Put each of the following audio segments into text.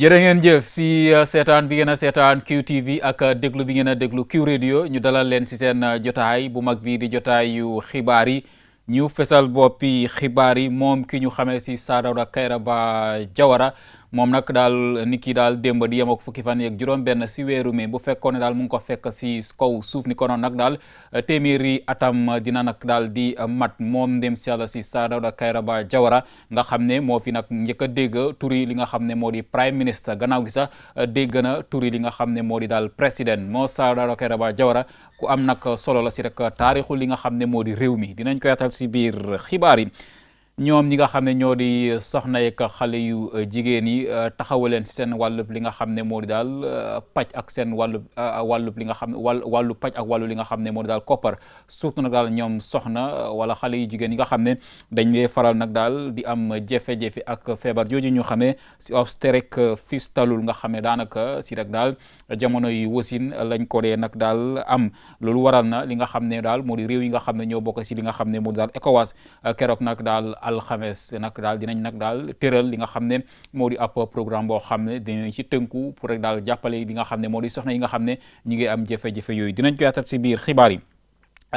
jërë ngeen jëf si uh, seetaan bi ngeen a seetaan QTV ak uh, déglu bi ngeen a déglu Q Radio ñu dalal leen si seen uh, jotaay bu mag bii di jotaayu xibaar yi ñu fesal boppi xibaar yi moom ki ñu xamee si Saa Dawda Kairaba Jawara moom nag daal ni ki daal démb di yem ak fukki fan yeeg juróom-benn si weeru mi bu fekkoon ne daal mu ngi ko fekk si kaw suuf ni ko noonu nag daal eh, téeméeri atam dina nag daal di eh, mat moom ndem si yàlla si Sir Dawda Jawara nga xam ne moo fi nag njëkk a dégg turi li nga xam ne moo di prime ministre gannaaw gi sax eh, dégg na turi li nga xam ne moo di daal président moo Sir Dawda Kairaba Jawara ku am nag solo la si rek taarixu li nga xam ne moo di réew mi dinañ ko yaatal si biir xibaar yi ñoom ñi nga xam ne ñoo di soxna yeeg xale yu euh, jigéen yi euh, taxawaleen si seen wàllub li nga xam ne moo di daal euh, paj ak seen wàllub wàllub li nga xam ne wàll wàllu paj ak wàllu li nga xam ne moo di daal koppar surtout nag daal ñoom soxna wala xale yu jigéen yi nga xam ne dañ lay faral nag daal di am jafe-jafe ak feebar jooju ñu xamee si obstétrique fistalul nga xam ne daanaka si rek daal jamono yu wasin lañ ko nag daal am loolu waral na li nga xam ne daal moo di réew yi nga xam ne ñoo bokk si li nga xam ne moo di daal ECOWAS keroog nag alxames nag daal dinañ nag daal tëral li nga xam ne moo di ab programme boo xam ne dinañ ci tënku pour rek daal jàppale li nga xam ne moo di soxna yi nga xam ne ñu ngi am jafe-jafe yooyu dinañ ko yaatal si biir xibaar yi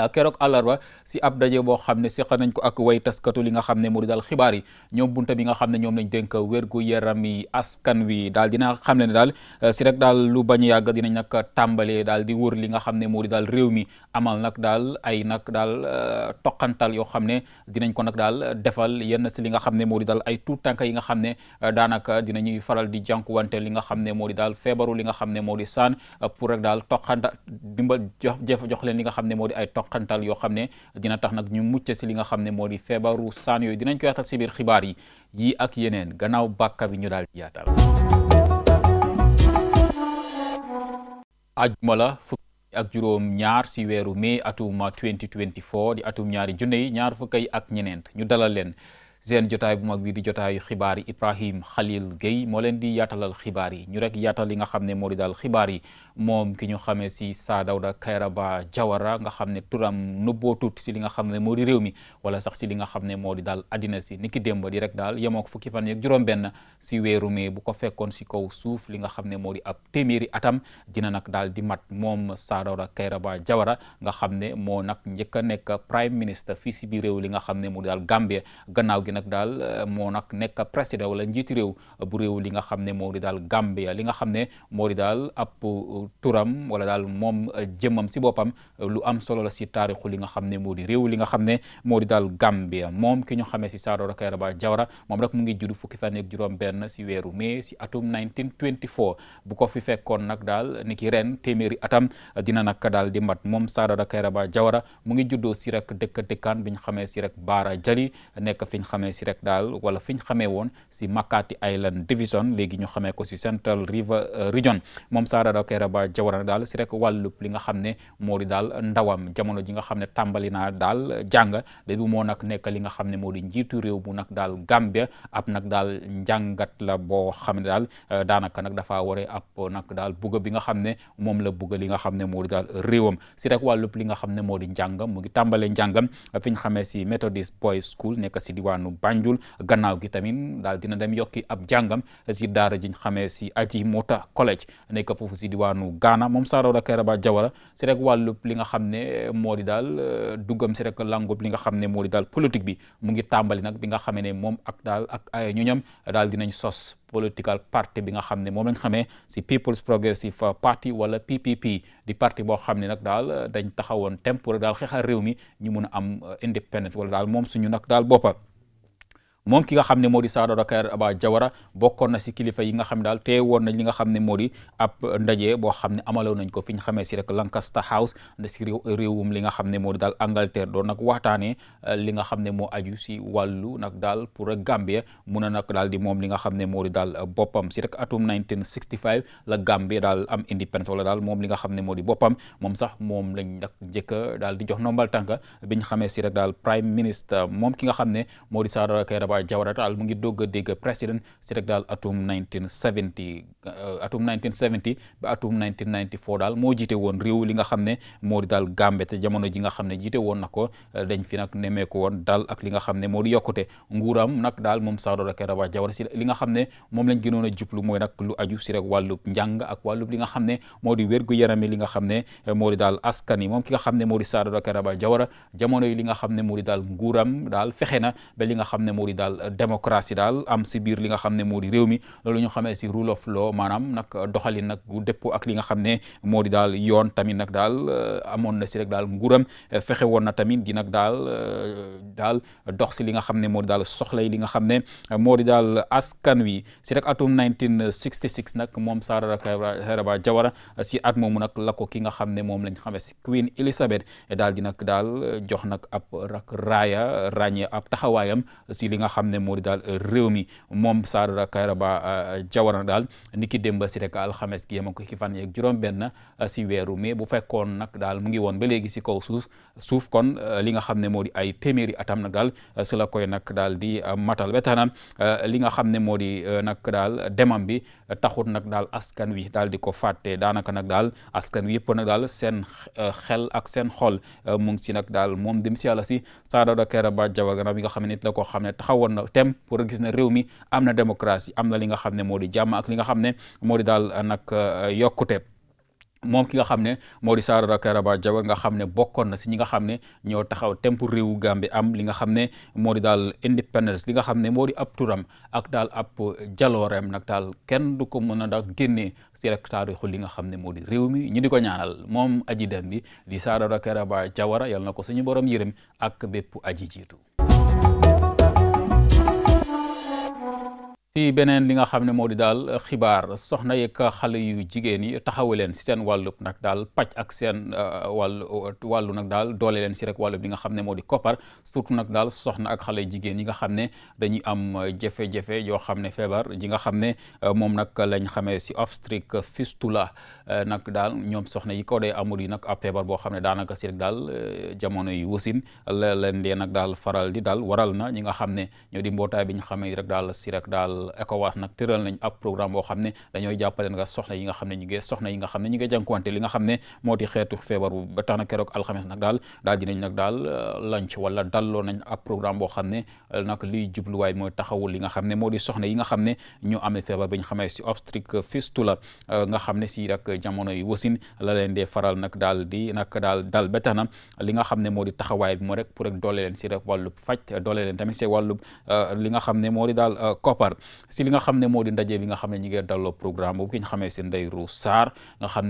keroog àllarba si ab daje boo xam ne seqa nañ ko ak way taskatu li nga xam ne moo di daal xibaar yi ñoom bunta bi nga xam ne ñoom lañ dénk wérgu yaram yi askan wi daal dina xam ne daal si rek daal lu bañ a yàgg dinañ nag tàmbalee daal di wër li nga xam ne moo di daal réew mi amal nag daal ay nag daal toqantal yoo xam ne dinañ ko nag daal defal yenn si li nga xam ne moo di daal ay tuut tànk yi nga xam ne daanaka dinañuy faral di jànkuwante li nga xam ne moo di daal feebaru li nga xam ne moo di saan pour rek daal toqanta dimbal jox jox leen li nga xam ne moo di ay toqantal yoo xam ne dina tax nag ñu mucc si li nga xam ne moo di feebaru saan yooyu dinañ ko yaatal si biir xibaar yi yi ak yeneen gannaaw bàkka bi ñu daal di yaatal ajuma la fukki ak juróom ñaar si weeru mai atum 2024 di atum ñaari junne yi ñaar yi ak ñeneent ñu dalal leen seen jotaay bu mag bi di jotaayu xibaar yi Ibrahim Khalil Gueye moo leen di yaatalal xibaar yi ñu yaatal li nga xam ne moo di daal xibaar yi moom ki ñu xamee si Sir Dawda Kairaba Jawara nga xam ne turam nëbbootut si li nga xam ne moo di réew mi wala sax si li nga xam ne moo di daal addina si niki démb di rek daal yemoo ko fukki fan yeeg juróom-benn si weeru mee bu ko fekkoon si kaw suuf li nga xam ne moo di ab téeméeri atam dina nag daal di mat moom Sir Dawda Kairaba Jawara nga xam ne moo nag njëkk a nekk prime ministre fii si biir réew li nga xam ne moo di daal Gambia gannaaw gi nag daal euh, moo nag nekk président wala njiiti réew euh, bu réew li nga xam ne moo di daal Gambia li xam ne moo di daal ab euh, turam wala daal moom jëmmam si boppam lu am solo la si taarixu li nga xam ne moo di réew li nga xam ne moo di daal Gambia moom ki ñu xamee si Saroora Kairaba Jawara moom rek mu ngi judd fukki fan juróom benn si weeru mai si atum 1924 bu ko fi fekkoon nag daal ni ki ren téeméeri atam dina nag daal di mat moom Saroora Kairaba Jawara mu ngi juddoo si rekk dëkk dëkkaan bi ñu xamee si rek Baara Jali nekk fi ñu ne si rek daal wala fi ñu xamee woon si Makati Island Division léegi ñu xamee ko si Central River euh, Region moom Saadara Kairaba Jawara daal si rek wàllub li nga xam ne moo di daal ndawam jamono ji nga xam ne tàmbali naa daal jàng ba bu moo nag nekk li nga xam ne moo di njiitu réew bu nag daal Gambia ab nag daal njàngat la boo xam ne euh, daanaka nag dafaa waree ab nag daal bugg bi nga xam ne moom la bugg li nga xam ne moo di daal réewam si rek wàllub li nga xam ne moo di njàng mu ngi tàmbale si Methodist Boys School nekk si diwaanu Banjul gannaaw gi tamit daal dina dem yokki ab jàngam si daara jiñ xamee si Aji Mota College nekk foofu si diwaanu Ghana moom Saroda Kairaba Jawara si rek wàllub li nga xam ne moo di daal euh, duggam si rek langub li nga xam ne moo di daal politique bi mu ngi tàmbali nag bi nga xamee ne moom ak daal ak ñu ñam daal dinañ sos political party bi nga xam ne moom lañ xamee si People's Progressive Party wala PPP di parti boo xam ne nag daal dañ taxawoon temporaire daal xeexal réew mi ñu mun a am euh, independence wala daal moom suñu nag daal boppa moom ki nga xam ne moo di Saadarakar Aba Jawara bokkoon na si kilifa yi nga xam ne daal tee woon nañ li nga xam ne moo di ab ndaje boo xam ne amaloon nañ ko fi ñu xamee si rek Lancaster House nda si réewum li nga xam ne moo di daal Angleterre doon nag waxtaane euh, li nga xam ne moo aju si wàllu nag daal pour rek Gambie a nag daal di moom li nga xam ne moo di daal boppam si rek atum 1965 la Gambie daal am indépendance wala daal moom li nga xam ne moo di boppam moom sax moom lañ ndak njëkk daal di jox nombal tànk bi ñu xamee si rek daal prime ministre moom ki nga xam ne moo di Saadarakar waaye Jawara daal mu ngi dogg a dégg président si rek daal atum 1970 uh, atum 1970 ba atum 1994 daal moo jiite woon réew li nga xam ne moo di daal Gambie te jamono ji nga xam ne jiite woon na ko uh, dañ fi nag nemmeeku woon daal ak li nga xam ne moo di yokkute nguuram nag daal moom Saadora Kairaba Jawara si li nga xam ne moom lañ gënoon a jublu mooy nag lu aju si rek wàllub njàng ak wàllub li nga xam ne moo di wér-gu-yarami li nga xam ne uh, moo daal askan yi moom ki nga xam ne moo di Saadora Kairaba Jawara jamono yi li nga xam ne moo di daal nguuram daal fexe na ba li xam ne moo daal démocratie daal am si biir li nga xam ne moo di réew mi loolu ñu xamee si rule of law maanaam nag doxalin nag gu ak li nga xam ne moo di daal yoon tamit nag daal euh, amoon na si rek daal nguuram euh, fexe woon na tamit di nag daal euh, daal dox si li nga xam ne moo di daal soxlay li nga xam ne moo di daal askan wi si rek atum 1966 nag moom Saaraba Kairaba Jawara si at moomu nag lako ki nga xam ne moom lañ xamee si Queen Elizabeth daal di nag daal jox nag ab rak raaya ràññee ab taxawaayam si li nga xam ne moo di daal réew mi moom Saadara Kairaba euh, Jawara daal ni ki démba si rek alxames gi yema ko ki fan yeeg juróom-benn euh, si weeru mai bu fekkoon nag daal mu ngi woon ba léegi si kaw suuf suuf kon euh, li nga xam ne moo di ay téeméeri atam nag daal si la koy nag daal di matal ba tax li nga xam ne moo di nag daal demam bi taxut nag daal askan wi daal di ko fàtte daanaka nag daal askan wi yëpp nag daal seen xel ak seen xol mu ngi si nag daal moom dem si yàlla si Saadara Kairaba woon na tem pour gis ne réew mi am na démocratie am na li nga xam ne moo di jàmm ak li nga xam ne moo di daal euh, nag euh, yokkute moom ki nga xam ne moo di Saaraba Karaba Jawara nga xam ne bokkoon na si ñi nga xam ne ñoo taxaw temp réewu Gambie am li nga xam ne moo di daal independence li nga xam ne moo di ab turam ak daal ab jalooreem nag daal kenn du ko mën a daal génnee si rek nga xam ne moo di réew mi ñu di ko ñaanal moom aji bi di Saaraba Karaba Jawara yal na ko suñu borom yërëm ak bépp aji jiitu si beneen li nga xam ne moo di daal xibaar soxna yeeg xale yu jigéen yi taxawu leen si seen wàllub nag daal pàcc ak seen uh, wàllu uh, wàllu nag daal doole leen si rek wàllub li nga xam ne moo di koppar surtout nag daal soxna ak xale jigéen yi nga xam ne dañuy am jafe-jafe xam ne feebar ji nga xam ne uh, moom nag lañ xamee si obstetric fistula nag daal ñoom soxna yi ko dee amul yi nag ab feebar boo xam ne daanaka si rek daal jamono yi wasin la leen dee nag daal faral di daal waral na ñi nga xam ne ñoo di mbootaay bi ñu xamee rek daal si rek daal ECOWAS nag tëral nañ ab programme boo xam ne dañooy jàppale nga soxna yi nga xam ne ñu ngi soxna yi li nga xam ne moo di xeetu feebar bu ba na keroog alxames nag daal daal dinañ euh, euh, yi nga xam ne ñu amee feebar bi ñu xamee si obstétrique fistula euh, si la leen dee faral nag daal di nag daal ba na li nga xam ne moo di taxawaay bi moo rek pour rek doole leen si rek wàllub faj doole leen tamit si wàllub li nga xam ne moo daal koppar si li nga xam ne moo di ndaje bi nga xam ne ñi ngi dalloo programme boobu ki ñu xamee si daal eh, li nga xam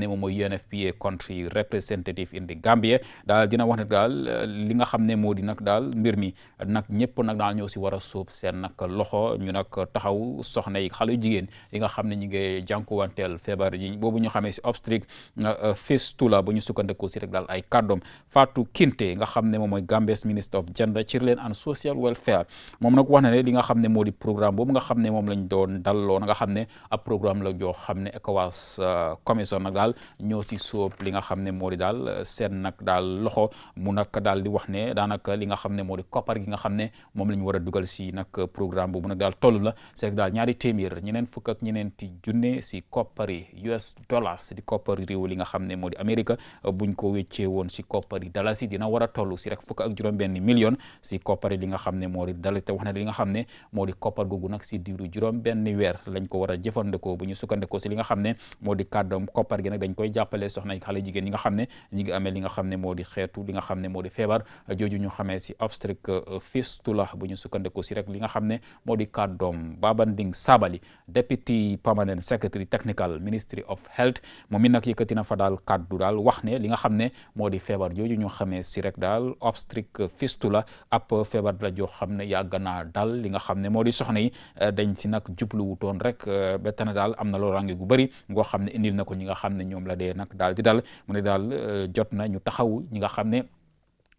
ne moo di nag daal mbir mi nag ñëpp nag daal ñoo si war a sóob seen nag loxo ñu nag taxaw soxna yi xale jigéen li nga xam ne ñi ngi jànkuwanteel feebar ji boobu ñu xamee si obstetric eh, eh, fistula ba ñu sukkandekoo si rek daal ay kàddoom Fatou Kinte nga xam ne moom mooy Gambia's Minister of Gender Children and Social Welfare moom nag wax ne li nga xam ne moo programme boobu nga xam ne moom lañ doon dalloo nga xam ne ab programme la joo xam ne ECOWAS euh, commission nag daal ñoo si sóob li nga xam ne moo di daal euh, seen nag daal loxo mu nag daal di wax ne daanaka li nga xam ne moo di koppar gi nga xam ne moom la ñu war a dugal si nag programme boobu nag daal toll la c'est daal ñaari téeméer ñeneen fukk ak ñeneen ti junne si koppari US dollars di koppari réew li nga xam ne moo di Amérique euh, buñ ko wéccee woon si koppari dalasi si dina war a si rek fukk ak juróom benn million si koppari li nga xam ne moo di dalasi li nga xam ne moo du juróom benn weer lañ ko war a jëfandikoo bu ñu sukkandikoo si li nga xam ne moo di kàddoom koppar gi nag dañ koy jàppale soxna xale jigéen ñi nga xam ne ñi ngi amee li nga xam ne moo di xeetu li nga xam ne moo di feebar jooju ñu xamee si obstetric euh, fistula bu si rek li nga xam ne moo di kàddoom Babanding Sabali deputy permanent secretary technical ministry of health moom mi nag yëkkati na fa daal kàddu daal wax ne li nga xam ne moo di feebar jooju ñu xamee si rek daal obstetric fistula ab feebar la joo xam ne yàgg naa daal li nga xam ne moo di soxna yi euh, dañ si nag jubluwu toon rek euh, ba tane daal am na loraange gu bëri ngoo xam ne indil na ko ñi nga xam ne ñoom la dee nag daal di daal mu ne daal euh, jot na ñu taxaw ñi nga xam ne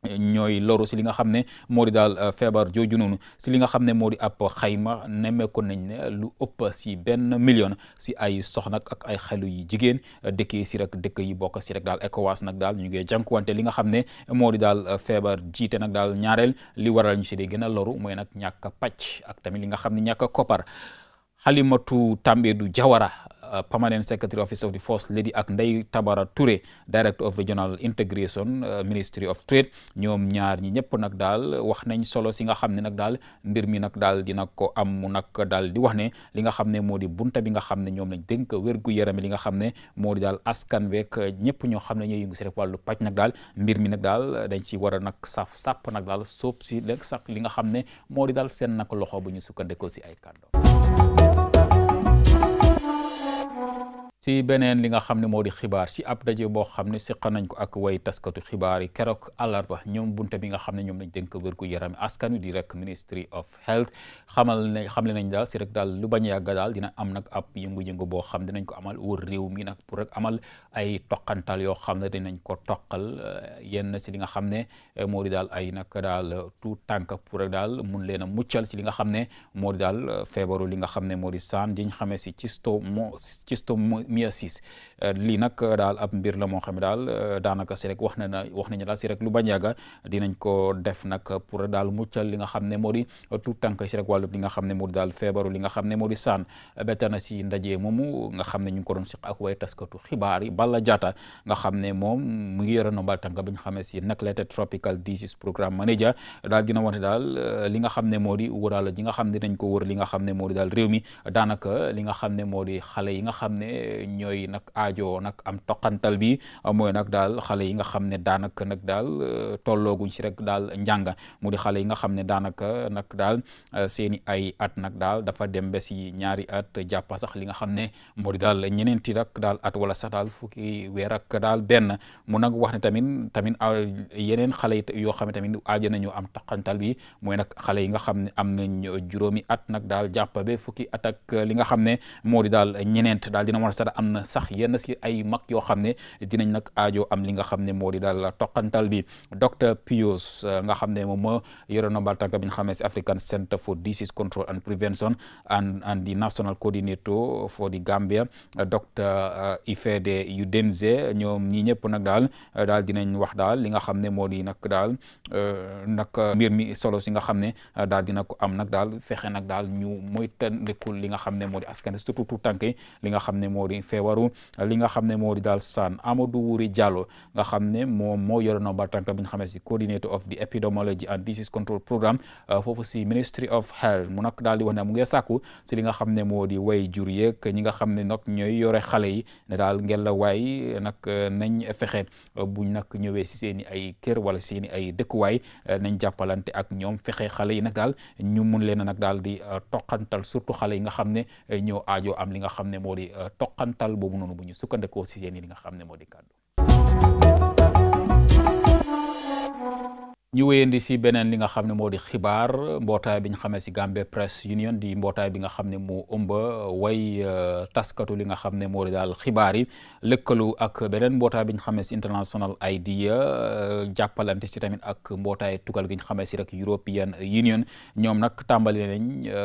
ñooy loru si li nga xam ne moo di daal euh, feebar jooju noonu si li nga xam ne moo di ab xayma nemmeeku nañ ne lu ëpp si benn million si ay soxna ak ay xelu yu jigéen euh, dëkk si rek dëkk yi bokk si rek daal ECOWAS nag daal ñu ngi jànkuwante li nga xam ne moo di daal euh, feebar jiite nag daal ñaareel li waral ñu si di gën a loru mooy nag ñàkk pàcc ak tamit li nga xam ne ñàkk koppar Halimatu du Jawara Uh, permanent secretary office of the first lady ak Ndeye Tabara Touré director of regional integration uh, ministry of trade ñoom ñaar ñi ñëpp nag daal wax nañ solo si nga xam ne nag daal mbir mi nag daal dina ko am mu nag daal di wax ne li nga xam ne moo di bunta bi nga xam ne ñoom lañ dénk wérgu yaram li nga xam ne moo di daal askan week ñëpp ñoo xam ne ñooy yëngu si rek wàllu paj nag daal mbir mi nag daal dañ ci war a nag saf sàpp nag daal sóob si léeg li nga xam ne moo di daal seen nag loxo bu ñu sukkandikoo si ay kàddu ci beneen li nga xam ne moo di xibaar ci ab daje boo xam ne siqa nañ ko ak way taskatu xibaar yi keroog àllarba ñoom bunte bi nga xam ne ñoom lañ den dénk wérgu yaram askan wi di rek ministry of health xamal ne xam xamle nañ daal si rek daal lu bañ a yàgg daal dina am nag ab yëngu-yëngu boo xam dinañ ko amal wër réew mi nag pour rek amal ay toqantal yoo xam ne dinañ ko toqal eh, yenn eh, si li nga xam ne moo di daal ay nag daal tout tànk pour rek mun leen a muccal ci li nga xam ne moo di daal feebaru li nga xam ne moo di saan diñ xamee si cisto mo mia siis lii nag daal ab mbir la moo xam ne daal daanaka si rek na na wax nañu lu bañ yàgga dinañ ko def nag pour daal muccal li nga xam ne moo di tout tànk si rek wàllu li nga xam ne moo di li nga xam ne moo di saan bett na si ndaje moomu nga xam ne ñu ngi ko doon siq ak way taskatu xibaar yi Balla Diatta nga xam ne moom mu ngi yore nombal tànk bi ñu xamee si Neglected Tropical Disease Programme Manager daal dina wante daal li nga xam ne moo di wëraala ji nga xam ne dañ daal réew mi daanaka li nga xam ne moo xale yi nga xam ne ñooy nag aajo nag am toqantal bi mooy nag daal xale yi nga xam ne daanaka nag daal euh, tollooguñ si rek daal njàng mu di xale yi nga xam ne daanaka nag daal euh, seeni ay at nag daal dafa dem ba si ñaari at jàpp sax li nga xam ne moo di daal ñeneenti rek daal at wala sax daal fukki weer daal benn mu nag wax ne tamit tamit euh, yeneen xale yi yoo xam ne tamit nañu am toqantal bi mooy nag yi nga xam ne am nañ juróomi at nag daal jàpp li nga xam ne dina war a am na sax yenn si ay mag yoo xam ne dinañ nag aajo am li nga xam ne moo di daal toqantal bi docteur Pius euh, nga xam ne moom moo yore nombal tànk bi ñu xamee si African Center for Disease Control and Prevention and and the National Coordinator for the Gambia euh, docteur euh, Ifede Udenze ñoom ñi ñëpp nag daal daal dinañ wax daal li nga xam ne moo di nag daal nak mbir mi solo si nga xam ne daal dina ko am nag daal fexe nag daal ñu moytandikul li nga xam ne moo di askan surtout tànk li nga xam ne moo feebaru li nga xam ne moo di daal saan Amadou Wuri Diallo nga xam ne moom moo yore nomba tànk bi ñu xamee si coordinator of the epidemiology and disease control programme euh, foofu si ministry of health mu nag daal di wax ne mu ngi sàkku si li nga xam ne moo di way jur yeeg ñi nga xam ne nag ñooy yore xale yi ne daal ngel nag euh, nañ fexe euh, bu nag ñëwee si seen i ay kër wala seen i ay dëkkuwaay nañ jàppalante ak ñoom fexe xale yi nag daal ñu mun leen a nag daal di toqantal surtout xale yi nga xam ne ñëw aajo am li nga xam ne moo di toqantal toqantal boobu noonu bu ñu sukkandikoo si seen yi nga xam ne moo ñu wéyandi si beneen li nga xam ne moo di xibaar mbootaay bi ñu xamee si Gambia Press Union di mbootaay bi nga xam ne moo ëmb uh, way uh, taskatu li nga xam ne moo di daal xibaar yi lëkkalu ak beneen mbootaay bi ñu xamee si International IDEA uh, jàppalante si tamit ak mbootaay tugal gi ñu xamee si rek European Union ñoom nag tàmbali nañ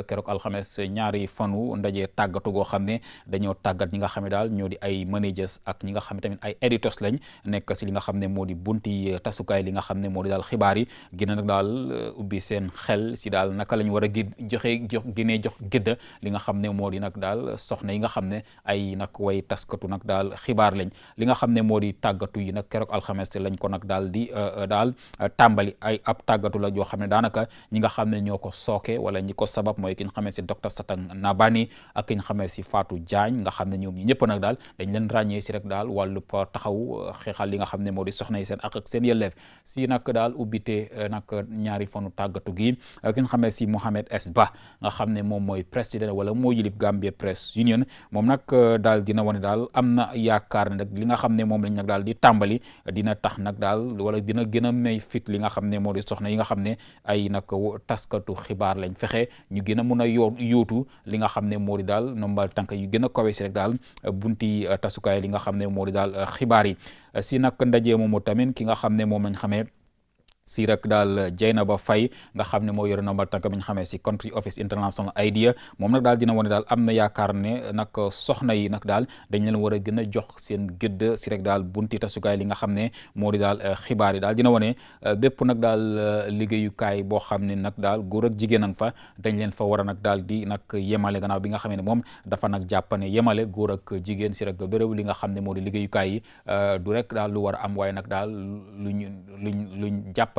keroog alxames ñaari fanu ndaje tàggatu goo xam ne dañoo tàggat ñi nga xam ne daal ñoo di ay managers ak ñi nga xam tamit ay editors lañ nekk si li nga xam ne moo di bunti tasukaay li nga xam ne moo di daal xibaar yi Guinée nag daal euh, ubbi seen xel si daal naka la ñu war a gi joxe jox Guinée jox gëdda li nga xam ne moo di nag daal soxna yi nga xam ne ay nag way taskatu nag daal xibaar lañ li nga xam ne moo di tàggatu yi nag keroog alxames lañ ko nag daal di euh, euh, daal tàmbali ay ab tàggatu la joo xam ne daanaka ñi nga xam ne ñoo ko sooke wala ñi ko sabab mooy ki nga xamee si docteur Satan Nabani ak ki nga xamee si Fatou Diagne nga xam ne ñoom ñi ñëpp nag daal dañ leen ràññee si rek daal wàllu taxaw xeexal li nga xam ne moo di soxna yi seen ak seen yelleef si nag daal ubbi jiite euh, nag euh, ñaari fanu tàggatu gi euh, ki nga xam si Mohamed S nga xam ne moom mooy président wala moo yilif Gambia Press Union moom nag daal dina wane daal am na yaakaar ne nag li nga xam ne moom lañ nag daal di tàmbali dina tax nag daal wala dina gën a may fit li nga xam ne moo di soxna yi nga xam ne ay nak taskatu xibaar lañ fexe ñu gën a mun a yoo yóotu li nga xam ne moo di daal nombal tank yu gën a kawe si rek daal bunti tasukaay li nga xam ne moo di daal xibaar yi si nag ndaje moomu ki nga xam si rek daal Dieynaba Faye nga xam ne moo yore nombal tànk bi ñu xamee si country office international idea moom nag daal dina wane daal am na yaakaar ne nag soxna yi nag daal dañ leen war a a jox seen gëdd si rek daal bunti tasukaay li nga xam ne moo di daal xibaar yi daal dina wane euh, bépp nag daal euh, liggéeyukaay boo xam ne nag daal góor ak jigéen nag fa dañ leen fa war a daal di nag yemale gannaaw bi nga xam ne moom dafa nag jàppane yemale góor ak jigéen si rek ne moo di liggéeyukaay yi euh, du rek daal lu war a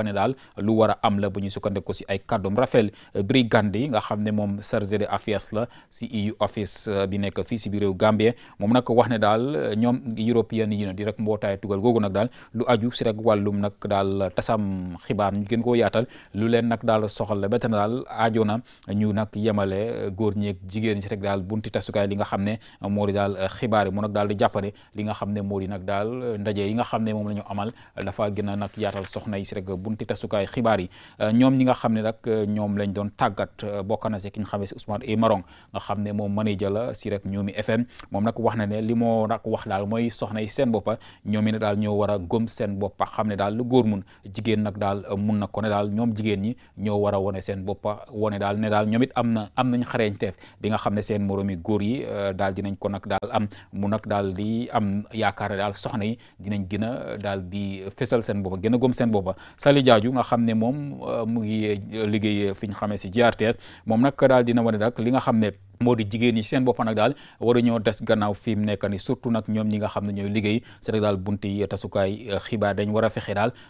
ne daal lu war a am la bu ñu sukkandiku si ay kàddum Raphaël euh, Brigandi nga xam ne moom chargé des affaires la si EU office euh, bi nekk fii si biir réew Gambie moom nag wax daal euh, ñoom européen yi di rek mbootaay tugal googu nag daal lu aju si rek wàllum nag daal tasam xibaar ñu gën koo yaatal lu leen nag daal soxal la ba tey daal aajo na ñu nag yemale góor ñeeg jigéen ñi si rek daal bunti tasukaay li nga xam ne moo di daal xibaar yi mu nag daal di jàppane li nga xam ne ndaje yi nga xam ne moom la amal dafa a bunti tasukaay xibaar yi euh, ñoom ñi nga xam ne nag euh, ñoom lañ doon tàggat euh, bokk na si ki ne si Ousmane A Marong nga xam ne moom manager la si rek ñoomi FM moom nag wax na ne li moo nag wax daal mooy soxna yi seen boppa ñoomi ne daal ñoo xam ne daal lu góor mun jigéen nag daal mun ko daal ñoom jigéen ñi ñoo war a seen boppa wone daal ne daal ñoom it am na am nañ xarañteef bi nga xam ne seen moroomi goor yi daal dinañ ko nag daal am mu nag daal di am yaakaar daal soxna yi dinañ gën a daal di fésal seen boppa gën a gëm seen boppa sali Waly Diadio nga xam ne moom euh, mu ngi euh, liggéey euh, fi ñu xamee si GRTS moom nag daal dina wane nag li nga xam ne moo di jigéen ñi seen bopp nag daal waru ñoo des gannaaw fi mu nekk ni surtout nag ñoom ñi nga xam ne euh, daal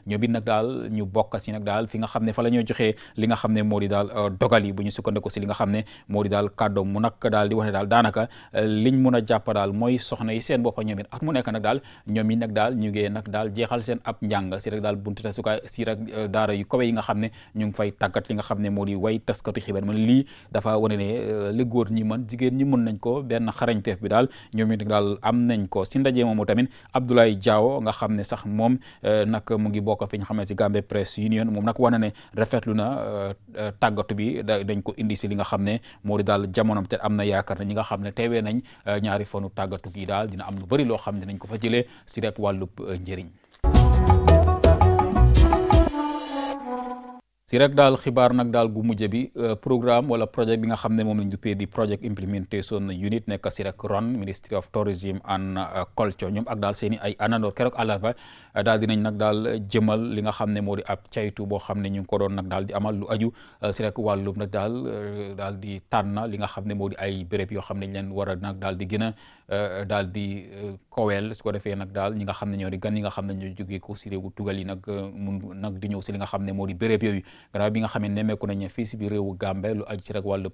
ñoom it si nag daal fi nga xam ne fa la ñoo joxee li nga xam moo di daal euh, dogal yi bu ñu sukkandiku si li nga xam ne moo di daal kàddoom mu nag daal di wax ne daal daanaka euh, liñ mun a jàpp daal mooy soxna yi seen bopp ñoom it at mu nekk nag daal ñoom it nag daal ñu ngee nag daal jeexal seen ab njàng si rek daal bunti tasukaay si rek daara yu kawe yi nga xam ne ñu ngi fay tàggat li nga xam ne moo di way taskatu xibaar man lii dafa ñi jigéen ñi mën nañ ko benn xarañteef bi daal ñoom it daal am nañ ko si ndaje moomu tamit Abdoulaye Diawo nga xam ne sax moom euh, nag mu ngi bokk fi ñu xamee si Gambia Press Union moom nag wane ne rafetlu na euh, euh, tàggatu bi dañ ko indi si li nga xam ne moo di daal jamonoom te am na yaakaar ne ñi nga xam ne teewee nañ ñaari fanu tàggatu gi daal dina am lu bari loo xam ne nañ ko fa jëlee si rek wàllub njëriñ si rek daal xibaar nag daal gu mujj bi euh, programme wala projet bi nga xam ne moom lañ duppee di project implementation unit nekk si rek RON Ministry of Tourism and euh, Culture ñoom ak daal seeni ay anandoor keroog àllarba euh, daal dinañ nag daal jëmal li nga xam ne moo di ab caytu boo xam ne ñu ngi ko doon nag daal di amal lu aju si rek nag daal daal di tànn li nga xam ne moo di ay béréb yoo xam ne ñu leen war a nag daal di gën a daal di koweel su ko defee nag daal ñi nga xam ne ñoo di gan yi nga xam ne ñoo jógee ko si réewu tugal yi nag mun di ñëw si li nga xam ne moo di béréb yooyu gannaaw bi nga xam ne nemmeeku nañu fii si biir réewu Gambie lu aju ci rek wàllu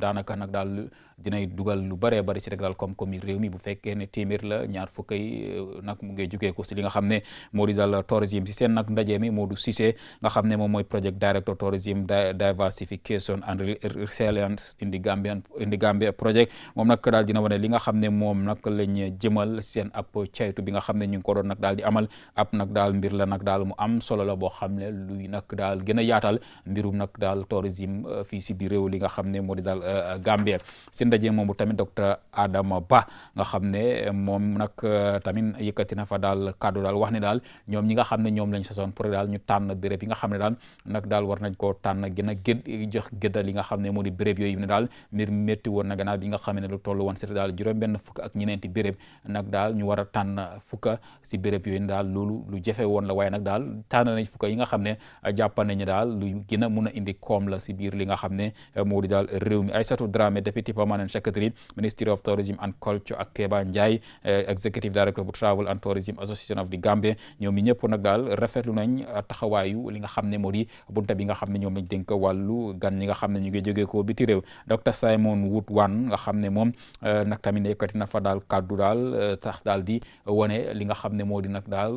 daanaka nag daal dinay dugal lu bëree bëri si rek daal koom-koom yi réew mi bu fekkee ne téeméer la ñaar fukk yi euh, nag mu ngi jugee ko si li nga xam ne moo di daal tourisme si seen nag ndaje mi Modou Cissé nga xam ne moom mooy project director tourism diversification and resilience in the Gambian in the Gambia project moom nag daal dina wane li nga xam ne moom nag lañ jëmal seen ab caytu bi nga xam ne ñu ngi ko doon nag daal di amal ab nag daal mbir la nag daal mu am solo la boo xam ne a daal mbirum nag daal tourisme euh, fii si biir réew li nga xam ne moo di daal euh, euh, Gambia si ndaje moomu tamit docteur Adama Ba nga xam ne moom nag tamit yëkkati na fa daal kàddu daal wax ne daal ñoom ñi nga xam ne ñoom lañ sasoon pour daal ñu tànn béréb yi nga xam ne daal nag daal war nañ koo tànn gën a gëd jox gëdda li nga xam ne moo di béréb yooyu ne daal mbir métti woon na gannaaw bi nga xam ne lu toll woon c'est daal juróom benn fukk ak ñeneenti béréb nag daal ñu war a tànn fukka si béréb yooyu ne daal loolu lu jafe woon la waaye nag daal tànn nañ yi nga xam ne jàpp nañ daal lu gën a mun a indi koom la si biir li nga xam ne eh, moo di daal réew mi Aïssatou Dramé deputy permanent secretary ministry of tourism and culture ak Keba Njie eh, executive director bu travel and tourism association of the Gambia ñoom ñi ñëpp nag daal rafetlu nañ eh, taxawaayu li nga xam ne moo di bunta bi nga xam ne ñoom lañ dénk wàllu gan ñi nga xam ne ñu ngi jógee ko biti réew Dr Simon Wood Wan nga xam ne moom nag tamit yëkkati na fa daal kaddu daal tax daal di wane li nga xam ne moo di nag daal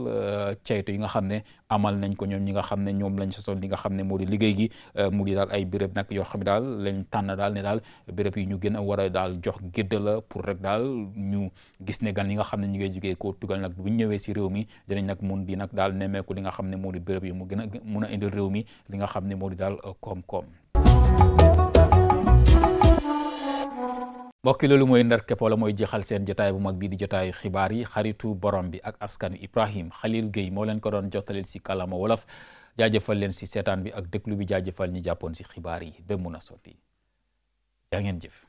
ceytu yi nga xam ne amal nañ ko ñoom ñi nga xam ne ñoom lañ sasoon li nga xam ne moo di liggéey gi euh, mu di daal ay béréb nag yoo xam ne daal lañ tànn daal ne daal béréb yi ñu gën a war a daal jox gédd la pour rek daal ñu gis ne gan yi nga xam ne ñu ngi jógee koo tugal nag bu ñëwee si réew mi dinañ nag mun di nag daal nemmeeku li nga xam ne moo di béréb yi mu gën a mun a indil réew mi li nga xam ne moo di daal euh, koom-koom mbokki loolu mooy ndar képp wala mooy jeexal seen jotaay bu mag bii di jotaayu xibaar yi xaritu borom bi ak askan askanu Ibrahim Khalil Gueye moo leen ko doon jotaleel si kàllaama wolof jaajëfal leen si seetaan bi ak déglu bi jaajëfal ñi jàppoon si xibaar yi ba mun a sotti jaa ngeen jëf